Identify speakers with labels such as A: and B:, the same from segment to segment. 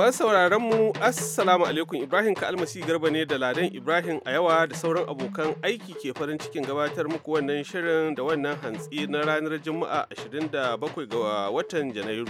A: Masu sauraron mu Assalamu alaikum Ibrahim Ka'almasi Garba ne da Ladan Ibrahim a yawa da sauran abokan aiki ke farin cikin gabatar muku wannan shirin da wannan hantsi na ranar Juma'a 27 ga watan Janairu.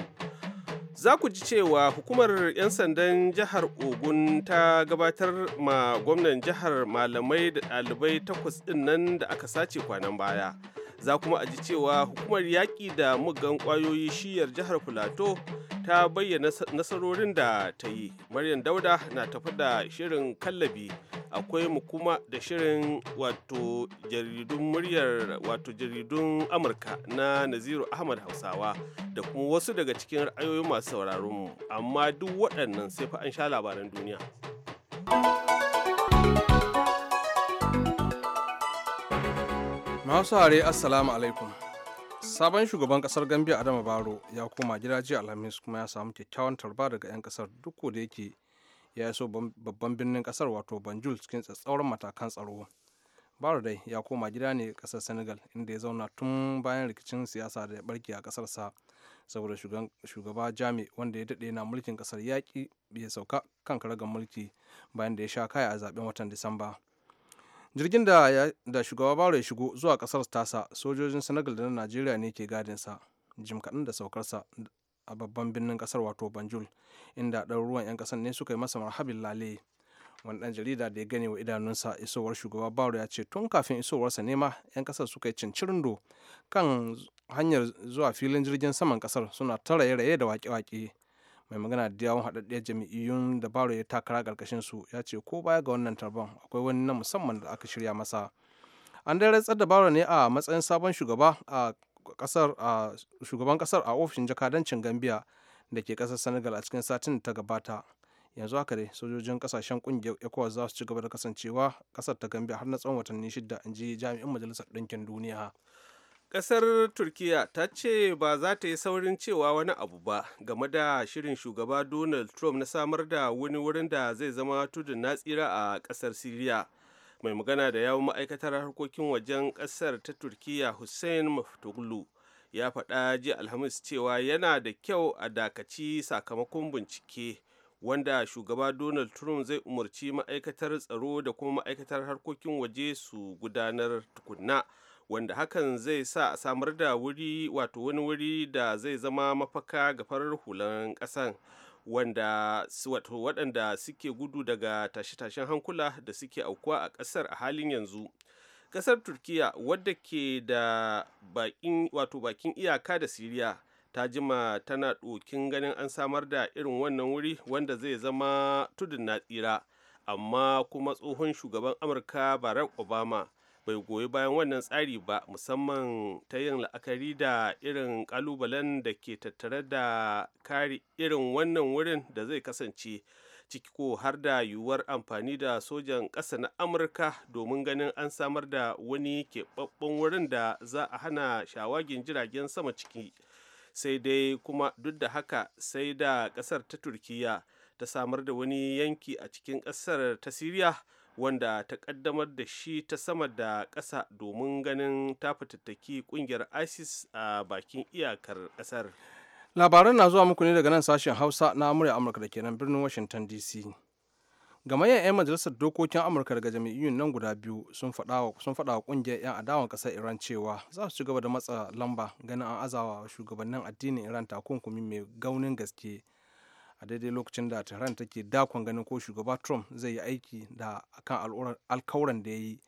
A: Za ku ji cewa hukumar 'yan sandan jihar Ogun ta gabatar ma gwamnan jihar malamai da ɗalibai takwas ɗin nan da aka sace kwanan baya. za kuma a ji cewa hukumar yaƙi da mugan ƙwayoyi shiyar jihar filato ta bayyana nasarorin da ta yi maryam dauda na tafi da shirin kallabi akwai mu kuma da shirin wato jaridun muryar wato jaridun amurka na naziru ahmad hausawa da kuma wasu daga cikin ra'ayoyi masu sauraron mu amma duk waɗannan sai fa an sha labaran duniya
B: masu hare assalamu alaikum
C: sabon shugaban kasar gambia adama baro ya koma gida jiya alhamis kuma ya samu kyakkyawan tarba daga 'yan kasar duk da yake ya iso babban birnin kasar wato banjul cikin tsatsauran matakan tsaro baro dai ya koma gida ne kasar senegal inda ya zauna tun bayan rikicin siyasa da ya barke a kasar sa saboda shugaba jami wanda ya daɗe na mulkin kasar yaƙi bai sauka kan karagar mulki bayan da ya sha kaya a zaben watan disamba jirgin da shugaba baro ya shigo zuwa kasar tasa sojojin senegal da na najeriya ne ke gadinsa jim kaɗan da saukarsa a babban birnin kasar wato banjul inda ɗan ruwan 'yan ƙasar ne suka yi masa marhabin lale wani ɗan jarida da ya gani wa idanunsa isowar shugaba baro ya ce tun kafin isowarsa nema 'yan kasar suka yi cincirindo kan hanyar zuwa filin jirgin saman ƙasar suna ta raye-raye da waƙe-waƙe mai magana da yawon haɗaɗɗiyar jami'iyyun da baro ya takara ƙarƙashin su ya ce ko baya ga wannan tarban akwai wani na musamman da aka shirya masa an dai rantsar da baro ne a matsayin sabon shugaba a kasar a shugaban kasar a ofishin jakadancin gambia da ke ƙasar senegal a cikin satin da ta gabata yanzu haka dai sojojin kasashen ƙungiyar ecowas za su ci gaba da kasancewa kasar ta gambia har na tsawon watanni shida in ji jami'in majalisar ɗinkin duniya
A: Ƙasar Turkiyya ta ce ba za ta yi saurin cewa wani abu ba game da shirin shugaba Donald Trump na samar da wani wurin da zai zama tudun na tsira a ƙasar Syria Mai magana da yawon ma'aikatar harkokin wajen ƙasar ta Turkiyya Hussein Maftoglu ya faɗa ji Alhamis cewa yana da kyau a dakaci sakamakon bincike. wanda shugaba donald trump zai umarci ma'aikatar tsaro da kuma ma'aikatar harkokin waje su gudanar tukunna wanda hakan zai sa a samar da wuri wato wani wuri da zai zama mafaka ga farar hulan ƙasan wanda wato waɗanda suke gudu daga tashe-tashen hankula da suke aukuwa a ƙasar a halin yanzu ƙasar turkiya wadda ke da bakin wato bakin iyaka da siriya ta jima tana ɗokin ganin an samar da irin wannan wuri wanda zai zama tudun na tsira amma kuma tsohon shugaban amurka barack obama bai goyi bayan wannan tsari ba musamman ta yin la'akari da irin kalubalen da ke tattare da kare irin wannan wurin da zai kasance ciki ko har da yiwuwar amfani da sojan ƙasa na amurka domin ganin an samar da wani keɓaɓɓen wurin da za a hana shawagin jiragen sama ciki sai dai kuma duk da haka sai da ƙasar ta turkiya ta samar da wani yanki a cikin ƙasar ta siriya wanda ta kaddamar da shi ta sama da ƙasa domin ganin ta fitattaki kungiyar isis a bakin iyakar ƙasar
C: labaran na zuwa muku ne daga nan sashen hausa na amurya amurka da ke nan birnin washington dc gamayyar 'yan majalisar dokokin amurka daga jami'in nan guda biyu sun faɗa wa kungiyar 'yan adawan ƙasar iran cewa za su ci gaba da matsa lamba ganin an azawa shugabannin addinin iran takunkumi mai gaunin gaske a daidai lokacin da tehran take dakon ganin ko shugaba trump zai yi aiki da kan alkawuran da ya yi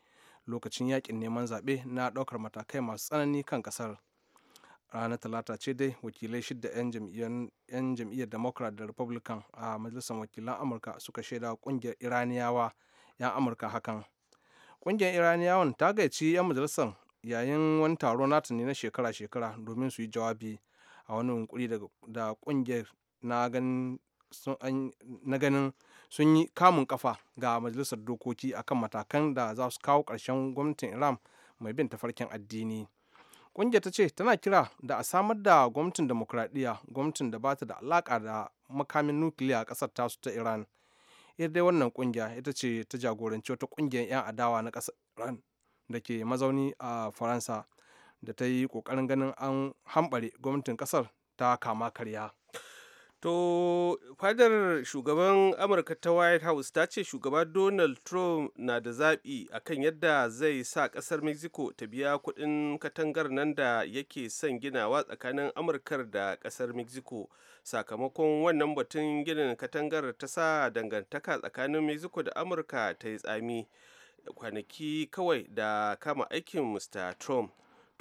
C: lokacin yakin neman zaɓe na ɗaukar matakai masu tsanani kan ƙasar ranar talata ce dai wakilai shidda 'yan jam'iyyar democrat da republican a majalisar wakilan amurka suka shaida ƙungiyar iraniyawa 'yan amurka hakan ƙungiyar iraniyawan ta gaici 'yan majalisar yayin wani taro nata ne na shekara-shekara domin su yi jawabi a wani yunkuri da kungiyar na ganin sun yi kamun kafa ga majalisar dokoki akan matakan da za su kawo ƙarshen gwamnatin iran mai bin tafarkin addini ƙungiyar ta ce tana kira da a samar da gwamnatin demokuraɗiyya gwamnatin da ba ta da alaƙa da makamin nukiliya a ƙasar tasu ta iran ita dai wannan ƙungiya ita ce ta jagoranci wata ƙungiyar 'yan adawa na ƙasar iran da ke mazauni a faransa da ta yi ƙoƙarin ganin an hambare gwamnatin ƙasar ta kama karya.
A: To fadar shugaban Amurka ta White House ta ce shugaba Donald Trump na da zaɓi a kan yadda zai sa ƙasar Mexico ta biya kuɗin katangar nan da yake son ginawa tsakanin Amurkar da ƙasar Mexico. Sakamakon wannan batun ginin katangar ta sa dangantaka tsakanin Mexico da Amurka ta yi tsami kwanaki kawai da kama aikin Mr. Trump.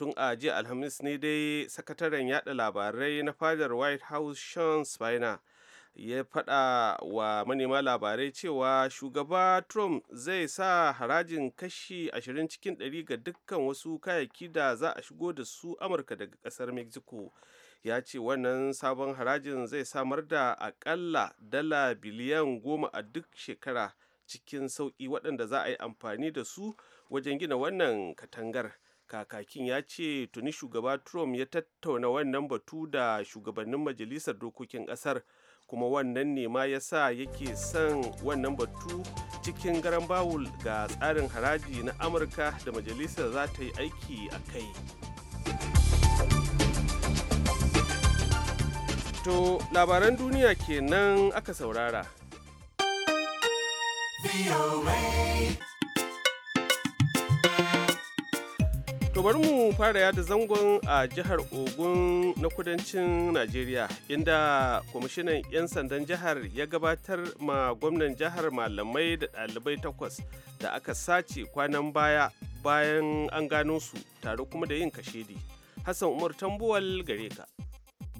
A: tun a jiya alhamis ne dai sakataren yada labarai na fadar white house sean spina ya faɗa wa manema labarai cewa shugaba trump zai sa harajin kashi 20 cikin 100 ga dukkan wasu kayayyaki da za a shigo da su amurka daga kasar mexico ya ce wannan sabon harajin zai samar da akalla dala biliyan goma a duk shekara cikin sauƙi waɗanda za a yi amfani da su wajen gina wannan katangar kakakin ya ce tuni shugaba trump ya tattauna wannan batu da shugabannin majalisar dokokin kasar kuma wannan ne ma ya sa yake son wannan batu cikin garan bawul ga tsarin haraji na amurka da majalisar za ta yi aiki a kai to labaran duniya kenan aka saurara. bari mu fara yada zangon a jihar Ogun na kudancin Najeriya inda kwamishinan 'yan sandan jihar ya gabatar ma gwamnan jihar malamai da ɗalibai takwas da aka sace kwanan baya bayan an gano su tare kuma da yin kashedi. Hassan Umar Tambuwal gare ka.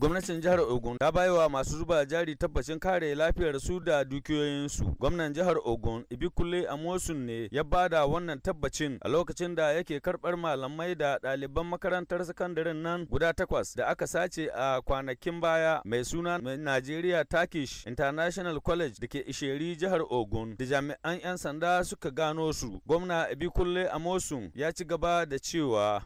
D: Gwamnatin jihar Ogun ta baiwa masu zuba jari tabbacin kare lafiyar su da dukiyoyinsu. Gwamnan jihar Ogun Ibikule Amosun ne ya bada wannan tabbacin a lokacin da yake karbar malamai da ɗaliban makarantar sakandaren nan guda takwas da aka sace a kwanakin baya mai suna Nigeria Turkish International College da ke Isheri jihar Ogun da jami'an 'yan sanda suka gano su. Gwamna Ibikule Amosun ya ci gaba da cewa.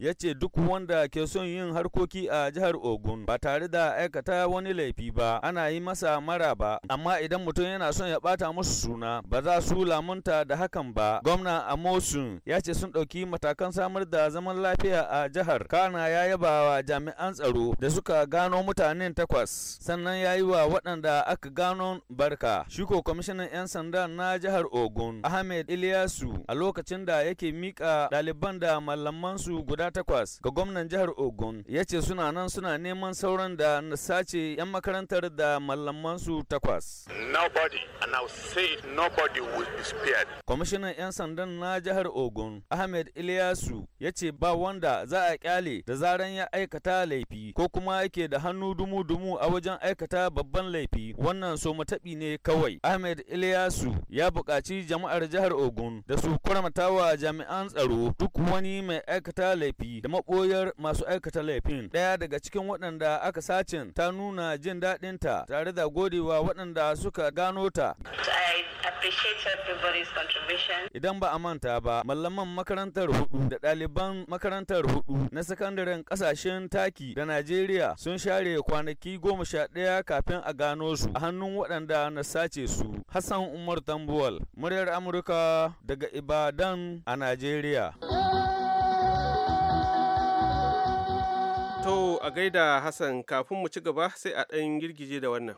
D: ya ce duk wanda ke son yin harkoki a jihar Ogun ba tare da aikata wani laifi ba ana yi masa mara ba amma idan mutum yana son ya bata musu suna ba za su lamunta da hakan ba gwamna Amosun ya ce sun ɗauki matakan samar da zaman lafiya a jihar Kana ya yaba wa jami'an tsaro da suka gano mutanen takwas sannan ya yi wa waɗanda aka gano barka shi kwamishinan 'yan sanda na jihar Ogun Ahmed Iliyasu a lokacin da yake mika ɗaliban da malamansu guda takwas ga gwamnan jihar Ogun ya ce suna nan suna neman sauran da na sace 'yan makarantar da mallamansu takwas. Kwamishinan 'yan sandan na jihar Ogun Ahmed Ilyasu ya ce ba wanda za a kyale da zaran ya aikata laifi ko kuma yake da hannu dumu-dumu a wajen aikata babban laifi wannan so mataɓi ne kawai. Ahmed Ilyasu ya bukaci jama'ar jihar Ogun da su wa jami'an tsaro duk wani mai aikata laifi laifi da maɓoyar masu aikata laifin ɗaya daga cikin waɗanda aka sacin ta nuna jin daɗinta tare da godewa waɗanda suka gano ta Idan ba a manta ba, mallaman makarantar hudu da ɗaliban makarantar hudu na sakandaren ƙasashen taki da Najeriya sun share kwanaki goma sha ɗaya kafin a gano su a hannun waɗanda na sace su. Hassan Umar Tambuwal, muryar Amurka daga Ibadan a Najeriya.
A: To a gaida Hassan kafin mu ci gaba sai a ɗan girgije da wannan.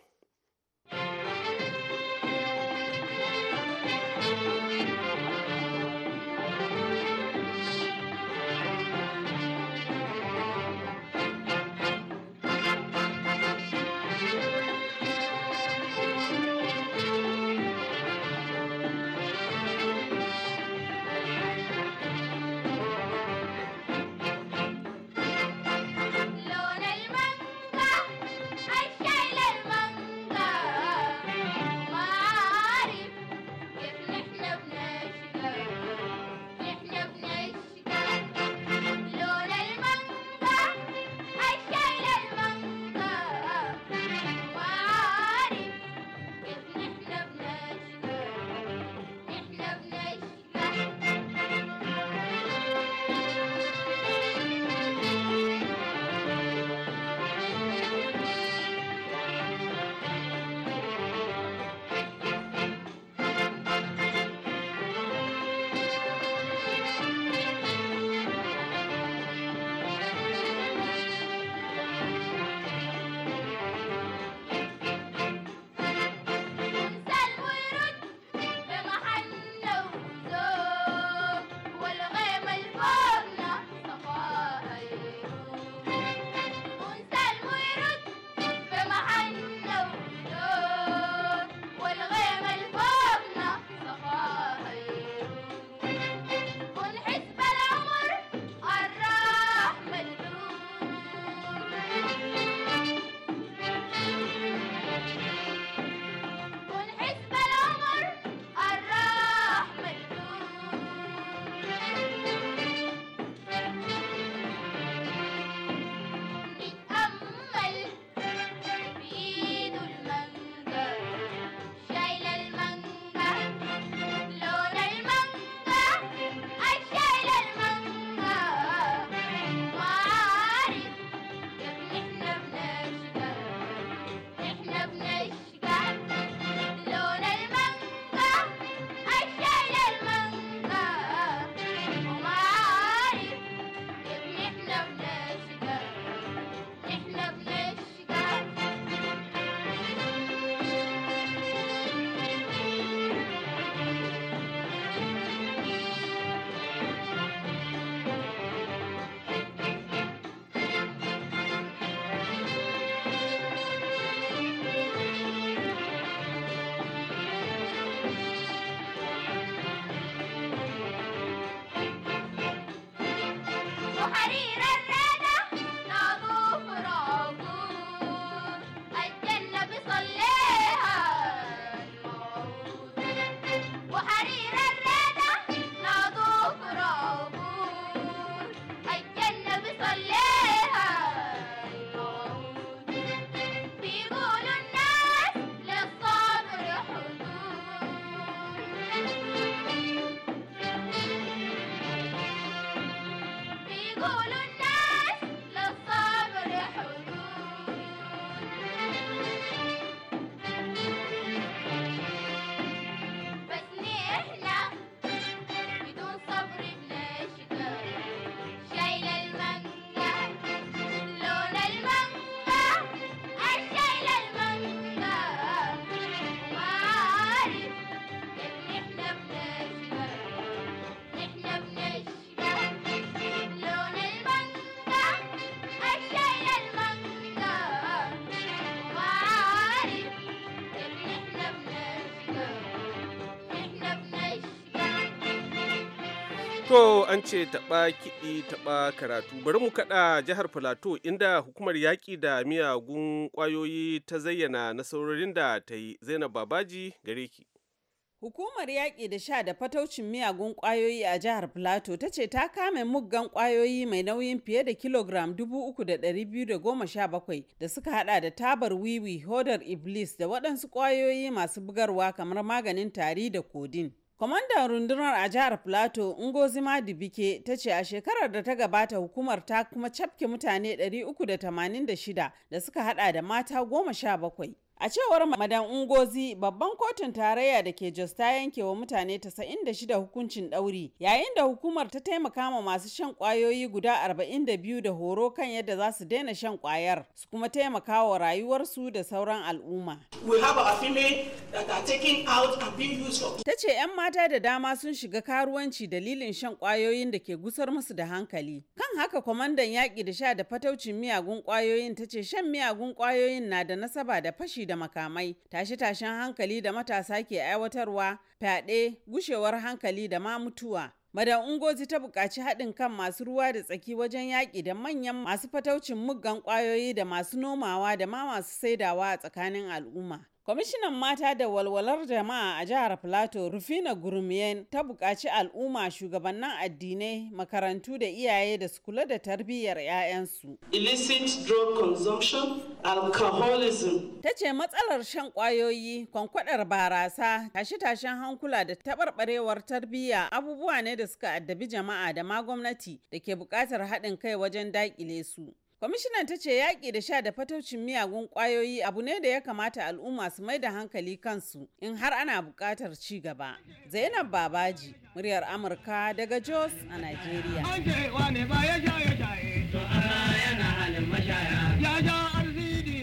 A: To an ce taɓa kiɗi taɓa karatu bari mu kaɗa jihar Filato inda hukumar yaƙi da miyagun ƙwayoyi ta zayyana nasarorin da ta yi Zainab Babaji gare ki.
E: Hukumar yaƙi da sha da fataucin miyagun ƙwayoyi a jihar Filato ta ce ta kame muggan ƙwayoyi mai nauyin fiye da kilogram 3,217 da suka hada da tabar wiwi, hodar iblis da waɗansu ƙwayoyi masu bugarwa kamar maganin tari da kodin. Kwamandan rundunar a jihar Plateau Ngozi Madibike ta ce a shekarar da ta gabata hukumar ta kuma cafke mutane 386 da suka hada da mata 17. A cewar Madan Ungozi, babban kotun tarayya da ke Jos ta yanke wa mutane 96 hukuncin ɗauri, yayin da hukumar ta taimaka ma masu shan kwayoyi guda 42 da horo kan yadda za su daina shan kwayar su kuma taimaka wa rayuwarsu da sauran al'umma. We Ta ce 'yan mata da dama sun shiga karuwanci dalilin shan kwayoyin da ke gusar musu da hankali. Kan haka kwamandan yaƙi da sha da fataucin miyagun kwayoyin ta ce shan miyagun kwayoyin na da nasaba da fashi da da makamai tashe-tashen hankali da matasa ke aiwatarwa fyaɗe gushewar hankali da ma mutuwa Madan Ungozi ta buƙaci haɗin kan masu ruwa da tsaki wajen yaƙi da manyan masu fataucin muggan ƙwayoyi da masu nomawa da ma masu saidawa a tsakanin al'umma. Kwamishinan Mata da Walwalar Jama'a a Jihar Filato Rufina Gurmiyen ta buƙaci al'umma shugabannin addinai, makarantu da iyaye da su kula da tarbiyyar 'ya'yansu. Illicit drug consumption, alcoholism. Ta ce matsalar shan ƙwayoyi, kwankwaɗar barasa, tashe-tashen hankula da taɓarɓarewar tarbiyya abubuwa ne da suka addabi jama'a da ma gwamnati da ke buƙatar haɗin kai wajen daƙile su. Kwamishinan ta ce yaƙi da sha da fataucin miyagun ƙwayoyi abu ne da ya kamata al'umma su mai da hankali kansu in har ana buƙatar ci gaba. Zainab Babaji, muryar Amurka daga Jos a Najeriya.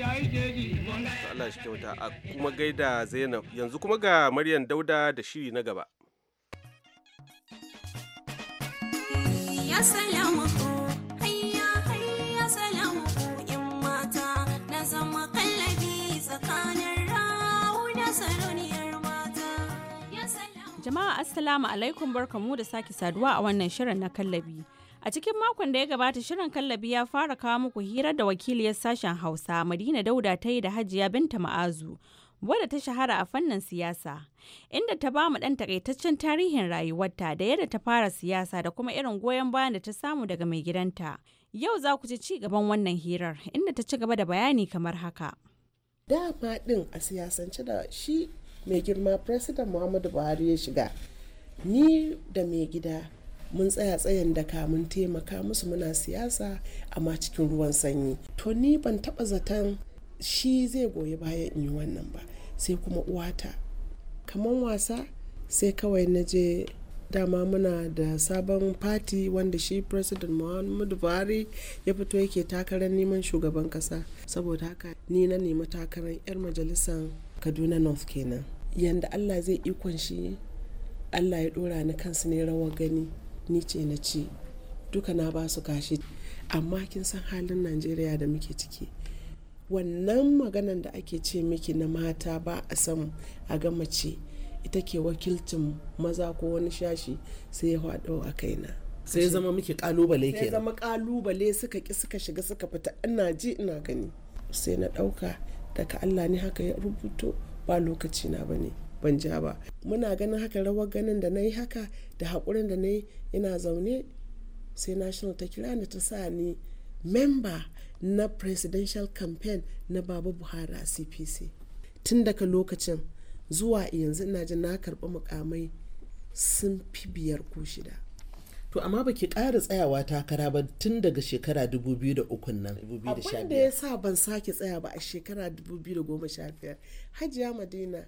F: Eh.
A: Allah shi kyauta a kuma gaida Zainab yanzu kuma ga Maryam Dauda da shiri na gaba.
B: Ya salamu
E: Jama'a Assalamu alaikum barkamu da sake saduwa a wannan shirin na kallabi. A cikin makon da ya gabata shirin kallabi ya fara kawo muku hirar da wakiliyar sashen Hausa Madina Dauda ta yi da Hajiya Binta Ma'azu. wadda ta shahara a fannin siyasa inda ta ba mu ɗan takaitaccen tarihin rayuwarta da yadda ta fara siyasa da kuma irin goyon bayan da ta samu daga mai gidanta yau za ku ci ci gaban wannan hirar inda ta ci gaba da bayani kamar haka dama
G: ɗin a siyasance da shi mai girma president muhammadu buhari ya shiga ni da mai gida mun tsaya tsayin da kamun taimaka musu muna siyasa amma cikin ruwan sanyi to ni ban taba zaton shi zai goyi bayan in yi wannan ba sai kuma uwata kamar wasa sai kawai na je dama muna da sabon fati wanda shi president muhammadu buhari ya fito yake takarar neman shugaban kasa saboda haka ni na nemi takarar 'yar majalisar kaduna north kenan yanda allah zai ikon shi allah ya dora ni kansu ne rawar gani ni ce na ci duka na ba su kashi amma kin san halin najeriya da muke ciki wannan maganan da ake ce miki na mata ba a san a ga mace ita ke wakilcin maza ko wani shashi sai ya haɗo a na. sai zama muke kalubale ke sai zama kalubale suka ki suka shiga suka fita ina ji ina gani sai na ɗauka daga Allah ne haka ya rubuto ba lokaci na ba ne, ban ja ba muna ganin haka rawar ganin da na yi haka da haƙurin da na yi ina zaune sai national ta kira ni ta sa ni memba na presidential campaign na baba buhari a cpc tun daga lokacin zuwa yanzu ina ji na karɓi mukamai sun fi biyar ko shida to amma baki ƙara tsayawa takara ba tun daga shekara 2003 nan Abinda ya sa ban sake tsaya ba a shekara 2015 hajiya madina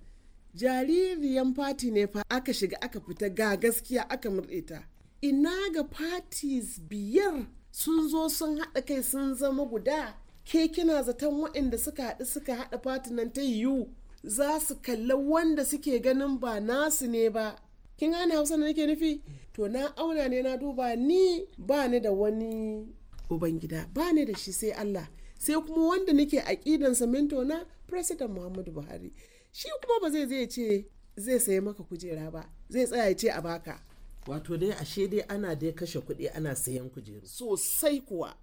G: jaririyan fati ne fa aka shiga aka fita ga gaskiya aka murɗeta ina ga parties biyar sun zo sun haɗa kai sun zama guda ke kina zaton waɗanda suka haɗu suka haɗa nan ta yiwu za su kalla wanda suke ganin ba nasu ne ba kin gane hausa da nake nufi to na auna ne na duba ni ba ni da wani ubangida ba ni da shi sai Allah sai kuma wanda nake aƙidansa minto na president muhammadu buhari shi kuma ba zai zai ce zai sayi maka kujera ba zai tsaya ya ce a baka wato dai ashe dai ana dai kashe kuɗi ana sayan kujeru sosai kuwa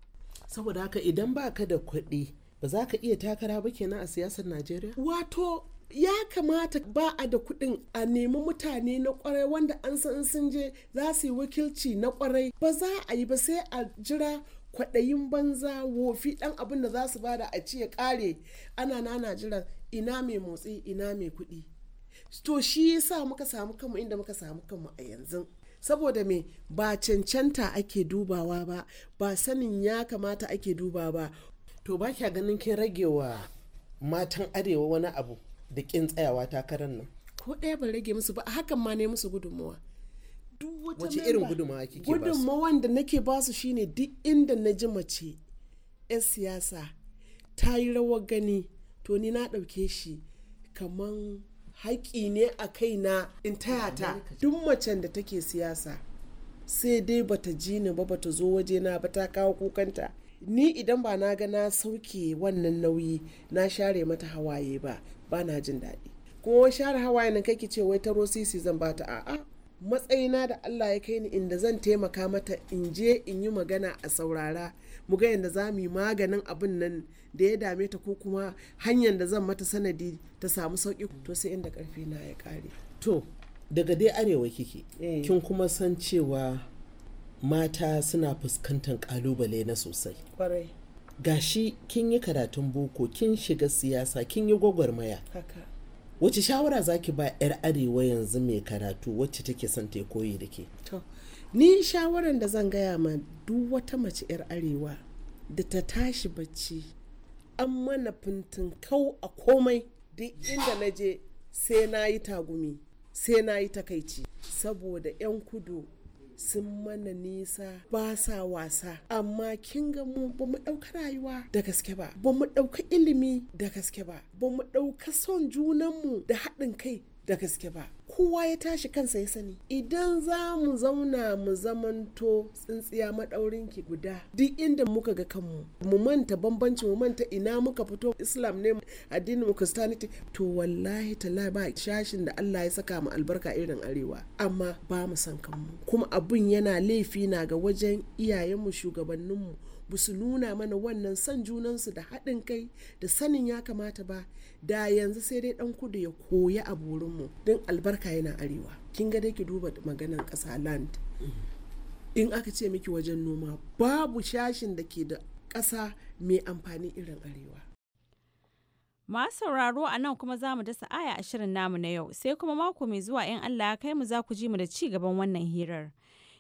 G: saboda haka idan baka da kuɗi ba za ka iya takara ba kenan a siyasar najeriya wato ya kamata ba a da kuɗin a nemi mutane na kwarai wanda an san sun je za su yi wakilci na kwarai ba za a yi ba sai a jira kwaɗayin banza wofi ɗan abin da za su bada a ci ya ƙare ana nana jira ina mai motsi ina mai kuɗi to shi yasa muka samu kanmu inda muka samu kanmu a yanzu saboda me ba cancanta ake dubawa ba ba sanin ya kamata ake duba ba to ba kya ganin kin ragewa matan arewa wani abu da kin tsayawa takarar nan ko ɗaya ban rage musu ba a hakan ma ne musu gudunmawa
H: wace irin gudunmawa kike basu. gudunmawan
G: da nake basu shine duk inda na ji mace yan siyasa ta yi rawar gani to ni na ɗauke shi kaman haƙi ne a kaina in taya ta duk macen da take siyasa sai dai bata ji ni ba bata zo waje na ba ta kawo kukanta ni idan ba na ga na sauke wannan nauyi na share mata hawaye ba ba na jin daɗi kuma wai share hawaye nan kake ce wai taro sisi zan bata a'a matsayina da Allah ya kai ni inda zan taimaka mata in je in yi magana a saurara mu ga yadda za mu yi maganin abin nan da ya dame ta ko kuma hanyar da zan mata sanadi ta samu sauki to sai inda karfi na ya kare to daga dai arewa kike eh. kin kuma san cewa mata suna fuskantar kalubale na sosai kwarai gashi kin yi karatun boko kin shiga siyasa kin yi gwagwarmaya wace shawara zaki ba 'yar arewa yanzu mai karatu wacce take son
H: ta koyi da ke
G: ni shawaran da zan gaya ma duk wata mace 'yar arewa da ta tashi bacci an mana fintin kau a komai duk inda na je sai na yi tagumi sai na yi takaici saboda 'yan kudu sun mana nisa ba sa wasa amma kin ga mu ba mu ɗauka rayuwa da gaske ba ba mu ɗauka ilimi da gaske ba ba mu ɗauka son junanmu da haɗin kai da gaske ba kowa ya tashi kansa ya sani idan za mu zauna mu zamanto tsintsiya maɗaurin ki guda duk inda muka ga kanmu mu manta bambanci mu manta ina muka fito islam ne addinin mu christianity to wallahi tala ba shashin da Allah ya saka mu albarka irin arewa amma ba mu san kanmu kuma abun yana laifi na ga wajen iyayenmu shugabanninmu ba nuna mana wannan son junansu da haɗin kai da sanin ya kamata ba da yanzu sai dai ɗan kudu ya koya a burinmu don albarka yana arewa kin ga dai ki duba maganan ƙasa land in aka ce miki wajen noma babu shashin da ke da ƙasa mai amfani irin arewa
E: Masu sauraro a nan kuma za mu dasa aya a shirin namu na yau sai kuma mako mai zuwa in Allah kai mu za ku ji mu da ci gaban wannan hirar.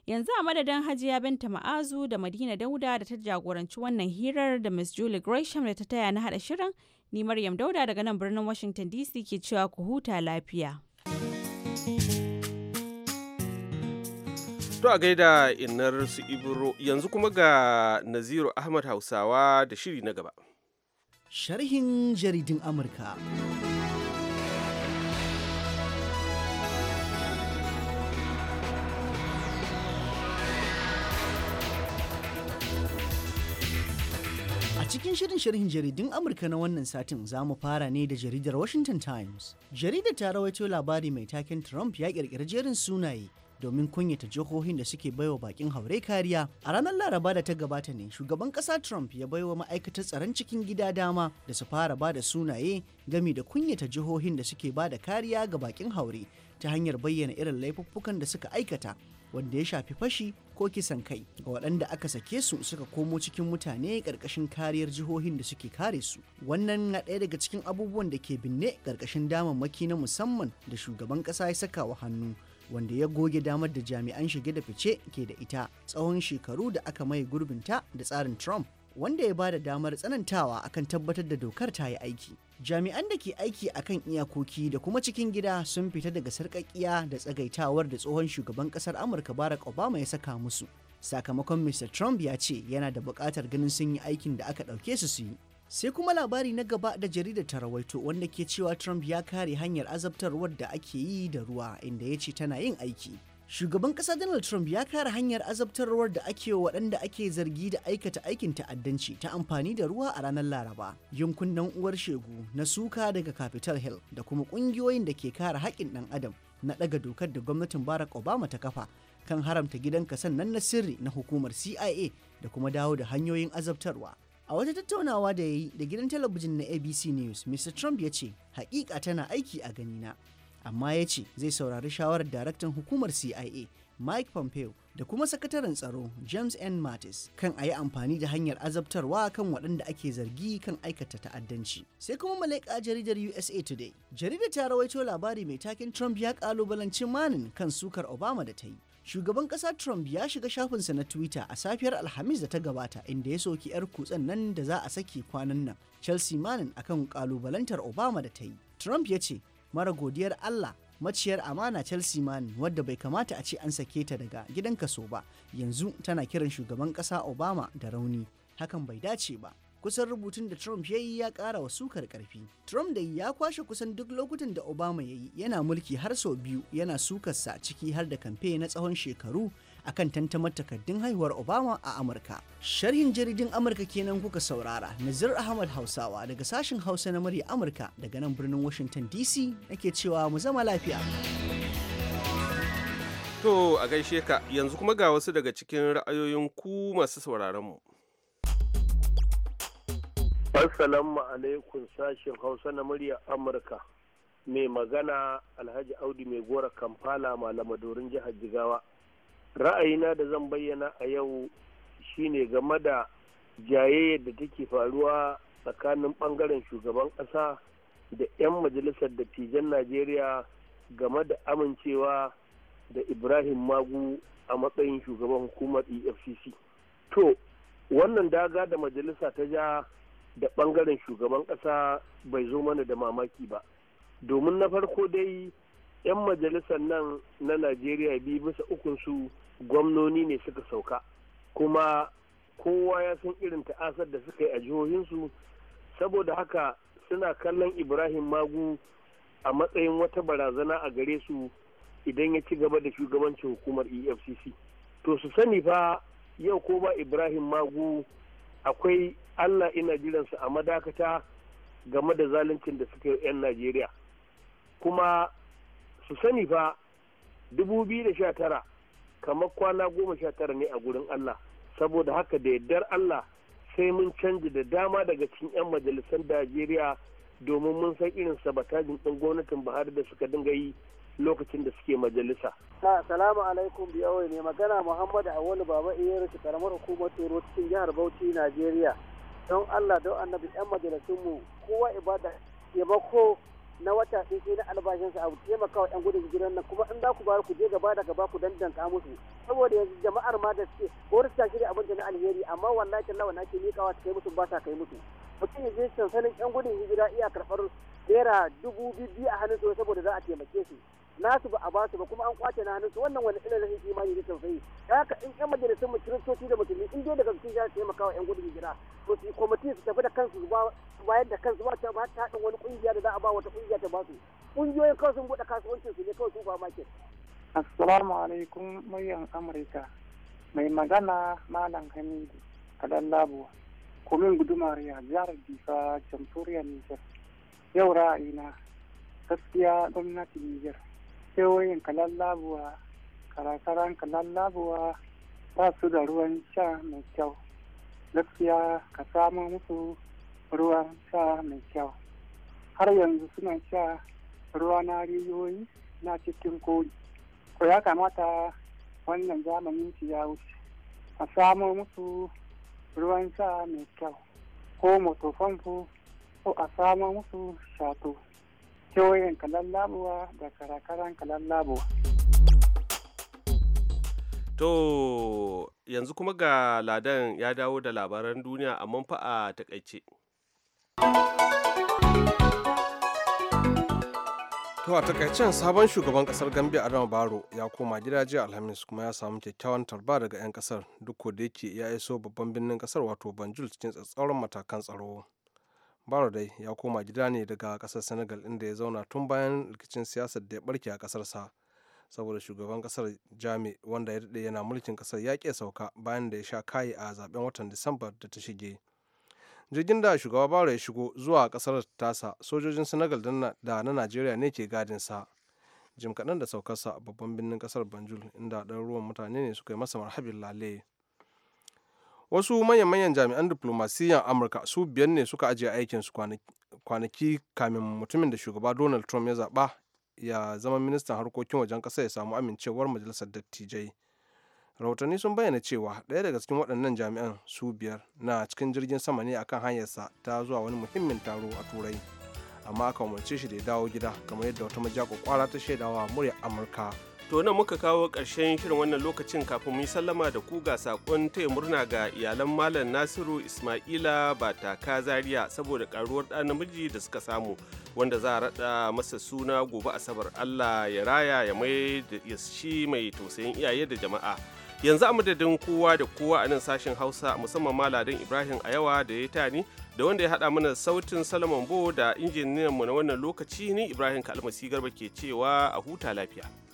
E: Yanzu a madadin Hajiya Binta Ma'azu da Madina Dauda da ta jagoranci wannan hirar da Miss Julie Gresham da ta taya na haɗa shirin, ni Maryam Dauda daga nan birnin Washington DC ke cewa ku huta lafiya.
A: To a gaida inar su Ibro yanzu kuma ga Naziru Ahmad Hausawa da shiri na gaba.
H: Sharhin jaridin Amurka. cikin shirin shirin jaridun Amurka na wannan satin za mu fara ne da jaridar Washington Times. Jaridar ta rawaito labari mai taken Trump ya ƙirƙiri jerin sunaye domin kunyata jihohin da suke baiwa bakin haure kariya. A ranar Laraba da ta gabata ne, shugaban ƙasa Trump ya baiwa ma'aikatar tsaron cikin gida dama da su fara ba da sunaye gami da kunyata jihohin da suke ba da kariya ga bakin haure. ta hanyar bayyana irin laifuffukan da suka aikata wanda ya shafi fashi ko kisan kai ga waɗanda aka sake su suka komo cikin mutane ƙarƙashin kariyar jihohin da suke kare su wannan na ɗaya daga cikin abubuwan da ke binne ƙarƙashin damammaki na musamman da shugaban ƙasa ya saka wa hannu wanda ya goge damar da jami'an shige da fice ke da ita tsawon shekaru da aka mai gurbinta da tsarin trump wanda ya bada damar tsanantawa akan tabbatar da dokar ta yi aiki. Jami'an da ke aiki a kan iyakoki da kuma cikin gida sun fita daga sarƙaƙiya da tsagaitawar da tsohon shugaban ƙasar Amurka Barack Obama ya saka musu. Sakamakon Mr. Trump ya ce yana da buƙatar ganin sun yi aikin da aka ɗauke su su yi. sai kuma labari na gaba da jaridar ta rawaito wanda ke cewa trump ya kare hanyar azabtarwar da ake yi da ruwa inda ya ce tana yin aiki Shugaban ƙasa Donald Trump ya kare hanyar azabtarwar da ake waɗanda ake zargi da aikata aikin ta'addanci ta amfani da ruwa a ranar Laraba, Yankunan uwar shegu na suka daga Capitol Hill da kuma ƙungiyoyin da ke kare haƙƙin ɗan adam na ɗaga dokar da gwamnatin Barack Obama ta kafa kan haramta gidan kasan nan na sirri na hukumar CIA da kuma dawo da hanyoyin azabtarwa. A wata tattaunawa da ya yi da gidan talabijin na ABC News, Mr. Trump ya ce, "Haƙiƙa tana aiki a ganina." amma ya ce zai saurari shawarar daraktan hukumar CIA Mike Pompeo da kuma sakataren tsaro James N. Mattis kan a yi amfani da hanyar azabtarwa kan waɗanda ake zargi kan aikata ta'addanci. Sai kuma malaika jaridar USA Today. Jaridar ta rawaito labari mai takin Trump ya kalubalanci manin kan sukar Obama da ta yi. Shugaban ƙasa Trump ya shiga shafinsa na Twitter a safiyar Alhamis da ta gabata inda ya soki 'yar kutsen nan da za a saki kwanan nan Chelsea manin akan kalubalantar Obama da ta yi. Trump ya ce, mara godiyar Allah maciyar amana Chelsea Manning wadda bai kamata a ce an sake ta daga gidan kaso ba yanzu tana kiran shugaban kasa Obama da rauni hakan bai dace ba kusan rubutun da Trump ya yi ya ƙara wa sukar ƙarfi. Trump da ya kwashe kusan duk lokutan da Obama ya yi yana mulki har sau biyu yana sukarsa ciki har da kamfe na tsawon shekaru akan tantamar takardun haihuwar Obama a Amurka. Sharhin jaridin Amurka kenan kuka saurara, Nazir Ahmad Hausawa daga sashin Hausa na murya Amurka daga nan birnin Washington DC nake cewa mu zama lafiya.
A: To a gaishe ka yanzu kuma ga wasu daga cikin ra'ayoyin ku masu sauraron mu.
F: Assalamu alaikum sashen Hausa na murya Amurka. Mai magana Alhaji Audu mai gora Kampala malamadorin jihar Jigawa. ra'ayina da zan bayyana a yau shine game da jayayyar da take faruwa tsakanin bangaren shugaban ƙasa da 'yan majalisar dattijan najeriya game da amincewa da ibrahim magu a matsayin shugaban hukumar efcc to wannan daga da majalisa ta ja da bangaren shugaban ƙasa bai zo mana da mamaki ba domin na farko dai 'yan majalisar nan na najeriya biyu bisa ukunsu
H: gwamnoni
F: ne suka sauka kuma kowa ya san irin ta'asar da suka yi a jihohinsu saboda haka suna kallon ibrahim magu a matsayin wata barazana a gare su idan ya ci gaba da shugabancin hukumar efcc to su sani fa yau ko ba ibrahim magu akwai allah ina jiransu a madakata game da zaluncin da suka yi 'yan najeriya kuma su sani fa 2019 kamar kwana goma sha tara ne a gurin Allah saboda haka da yardar Allah sai mun canji da dama daga cikin 'yan majalisar Najeriya domin mun san irin sabatajin ɗin gwamnatin Buhari da suka dinga yi lokacin da suke majalisa. salamu alaikum biyawai ne magana Muhammadu Awolu Baba Iyar karamar hukumar Turo cikin jihar Bauchi Najeriya. Don Allah don annabi 'yan majalisunmu
H: kowa ibada bako. na wata ɗaya na albashin sa a taimaka wa 'yan gudun gidan nan kuma in za ku bayar ku je gaba da gaba ku dandanka musu saboda yanzu jama'ar ma da suke ko ta shirya abinci na alheri amma wallahi tallawa na ke miƙawa ta kai musu ba sa kai musu mutum ya je sansanin 'yan gudun hijira iya karɓar naira dubu biyu a hannun saboda za a taimake su nasu ba a ba su ba kuma an kwace na su wannan wani irin rashin imani ne tausayi haka in yan majalisun mu kiristoci da musulmi in dai daga cikin jihar taimaka wa yan gudun hijira to su kwamiti su tafi da kansu ba da kansu ba ta ba wani kungiya da za a ba wata kungiya ta ba su kungiyoyin kawai sun buɗe kasuwancin su ne kawai su ba ke.
F: assalamu alaikum muryan amurka mai magana malam hamidu dan labuwa kumin gudumar ya jihar bisa jamhuriyar nijar yau ra'ayina gaskiya gwamnatin nijar kewayen kalallabuwa karakaran kalallabuwa ba su da ruwan sha mai kyau gaskiya ka samu musu ruwan sha mai kyau har yanzu suna sha ruwa na riyoyi na cikin koli ko ya kamata wannan zamanin su ya wuce a samu musu ruwan sha mai kyau ko motofanku ko a samu musu shato kewayen kalan labuwa da karakaran kalan labuwa.
A: To yanzu kuma ga ladan ya dawo da labaran duniya a fa a takaice.
C: To a takaicen sabon shugaban kasar Gambia Adama Baro ya koma gida jiya Alhamis kuma ya samu kyakkyawan tarba daga 'yan kasar duk da yake ya iso babban birnin kasar wato Banjul cikin tsatsauran matakan tsaro. baro dai ya koma gida ne daga kasar senegal inda ya zauna tun bayan rikicin siyasar da ya barke a kasarsa saboda shugaban kasar jami wanda ya daɗe yana mulkin kasar ya ke sauka bayan da ya sha kayi a zaben watan disambar da ta shige jirgin da shugaba baro ya shigo zuwa kasar tasa sojojin senegal da na najeriya ne ke gadinsa jim kaɗan da saukarsa a babban birnin kasar banjul inda ɗan ruwan mutane ne suka yi masa marhabin lale wasu manyan manyan jami'an diflomasiyyar amurka su biyar ne suka ajiye aikin su kwanaki kamin mutumin da shugaba donald trump ya zaɓa ya zama ministan harkokin wajen ƙasa ya samu amincewar majalisar dattijai rahotanni sun bayyana cewa ɗaya daga cikin waɗannan jami'an su biyar na cikin jirgin sama ne akan hanyarsa ta zuwa wani muhimmin taro a turai amma aka umarce shi da ya dawo gida kamar yadda wata majiya kwakwara ta shaidawa murya amurka
A: to nan muka kawo ƙarshen shirin wannan lokacin kafin mu yi sallama da ku ga saƙon taya murna ga iyalan malam nasiru ismaila bataka Zariya saboda karuwar ɗa namiji da suka samu wanda za a raɗa masa suna gobe asabar allah ya raya ya mai da shi mai tausayin iyaye da jama'a yanzu a madadin kowa da kowa a nan sashen hausa musamman maladan ibrahim ayawa da ya tani da wanda ya haɗa mana sautin salomon bo da mu na wannan lokaci ni ibrahim kalmasi garba ke cewa a huta lafiya